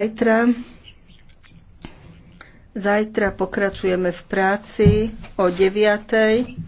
Zajtra, zajtra pokračujeme v práci o 9.